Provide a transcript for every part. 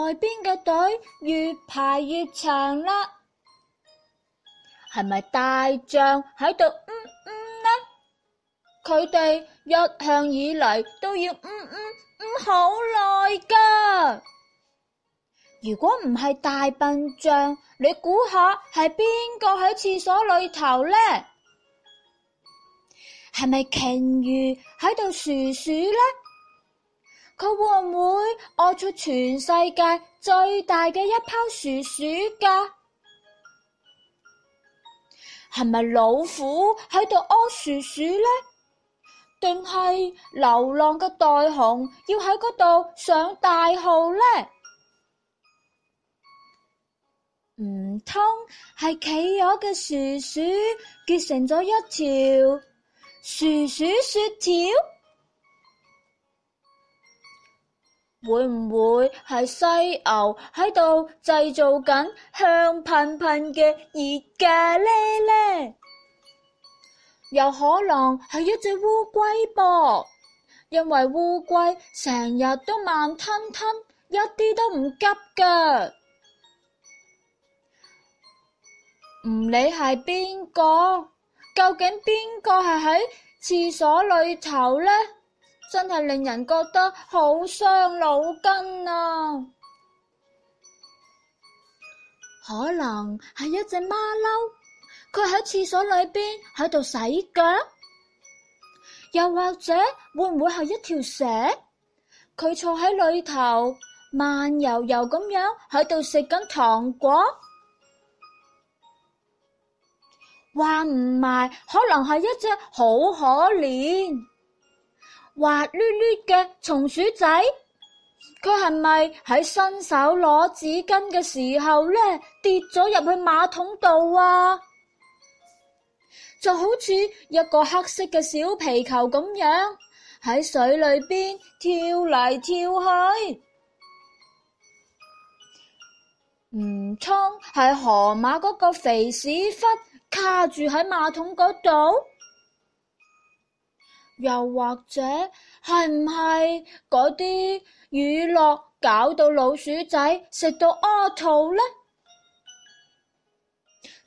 外邊嘅隊越排越長啦，係咪大象喺度嗯嗯呢？佢哋一向以嚟都要嗯嗯嗯好耐噶。如果唔係大笨象，你估下係邊個喺廁所裏頭呢？係咪鯨魚喺度噓噓呢？佢會唔會屙出全世界最大嘅一泡薯鼠噶？係咪老虎喺度屙薯鼠呢？定係流浪嘅袋熊要喺嗰度上大號呢？唔通係企咗嘅薯鼠結成咗一條薯鼠雪條？會唔會係犀牛喺度製造緊香噴噴嘅熱咖喱呢？又可能係一隻烏龜噃，因為烏龜成日都慢吞吞，一啲都唔急噶。唔理係邊個，究竟邊個係喺廁所裏頭呢？真係令人覺得好傷腦筋啊！可能係一隻馬騮，佢喺廁所裏邊喺度洗腳；又或者會唔會係一條蛇，佢坐喺裏頭慢悠悠咁樣喺度食緊糖果？話唔埋，可能係一隻好可憐，滑捋捋嘅松鼠仔，佢係咪喺伸手攞紙巾嘅時候咧跌咗入去馬桶度啊？就好似一個黑色嘅小皮球咁樣喺水裏邊跳嚟跳去。唔通係河馬嗰個肥屎忽卡住喺馬桶嗰度？又或者係唔係嗰啲雨落，是是搞到老鼠仔食到屙肚呢？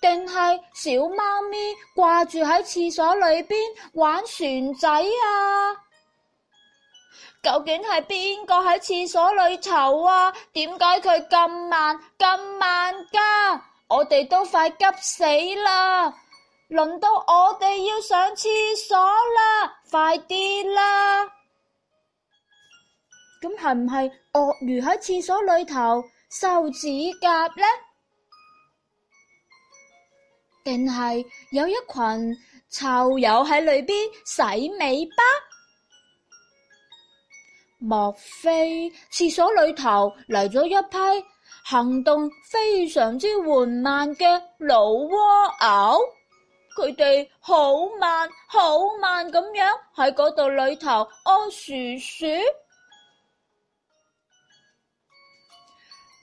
定係小貓咪掛住喺廁所裏邊玩船仔啊？究竟係邊個喺廁所裏頭啊？點解佢咁慢咁慢噶？我哋都快急死啦！輪到我哋要上廁所啦，快啲啦！咁係唔係鱷魚喺廁所裏頭修指甲呢？定係有一群臭友喺裏邊洗尾巴？莫非廁所裏頭嚟咗一批行動非常之緩慢嘅老蝸牛？佢哋好慢，好慢咁樣喺嗰度裏頭屙薯薯，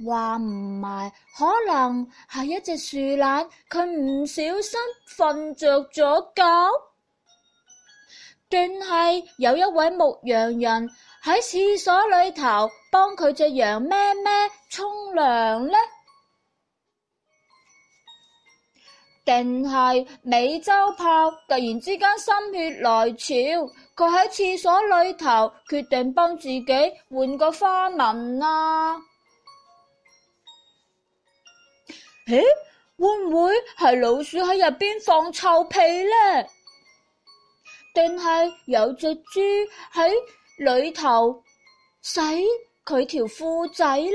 話唔埋可能係一隻樹懶，佢唔小心瞓着咗覺。定係有一位牧羊人喺廁所裏頭幫佢隻羊咩咩沖涼呢？定係美洲豹突然之間心血來潮，佢喺廁所裏頭決定幫自己換個花紋啊？咦，會唔會係老鼠喺入邊放臭屁呢？定係有隻豬喺裏頭洗佢條褲仔呢？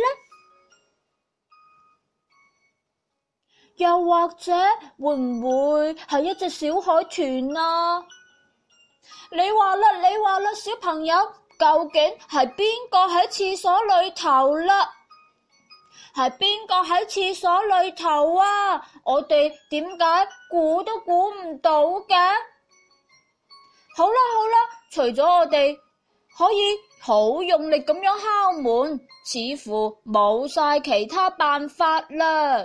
又或者會唔會係一隻小海豚啊？你話啦，你話啦，小朋友究竟係邊個喺廁所裏頭啦？係邊個喺廁所裏頭啊？我哋點解估都估唔到嘅。好啦，好啦，除咗我哋可以好用力咁樣敲門，似乎冇晒其他辦法啦。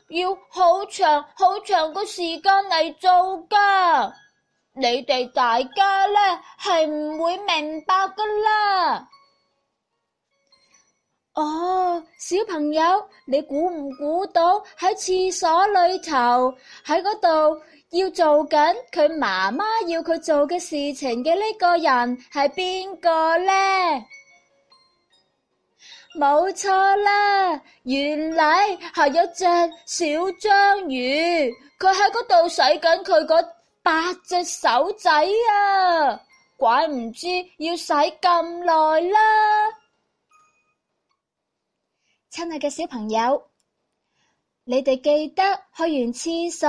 要好長好長個時間嚟做㗎，你哋大家呢，係唔會明白㗎喇。哦，小朋友，你估唔估到喺廁所裏頭喺嗰度要做緊佢媽媽要佢做嘅事情嘅呢個人係邊個呢？冇錯啦，原來係有隻小章魚，佢喺嗰度洗緊佢嗰八隻手仔啊！怪唔知要洗咁耐啦。親愛嘅小朋友，你哋記得去完廁所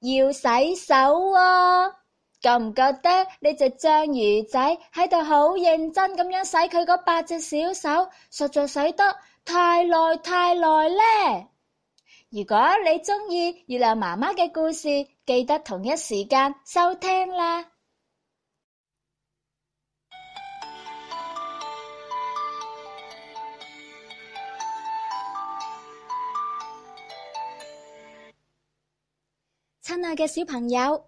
要洗手啊。覺唔覺得呢隻章魚仔喺度好認真咁樣洗佢嗰八隻小手，實在洗得太耐太耐呢？如果你鍾意月亮媽媽嘅故事，記得同一時間收聽啦！親愛嘅小朋友。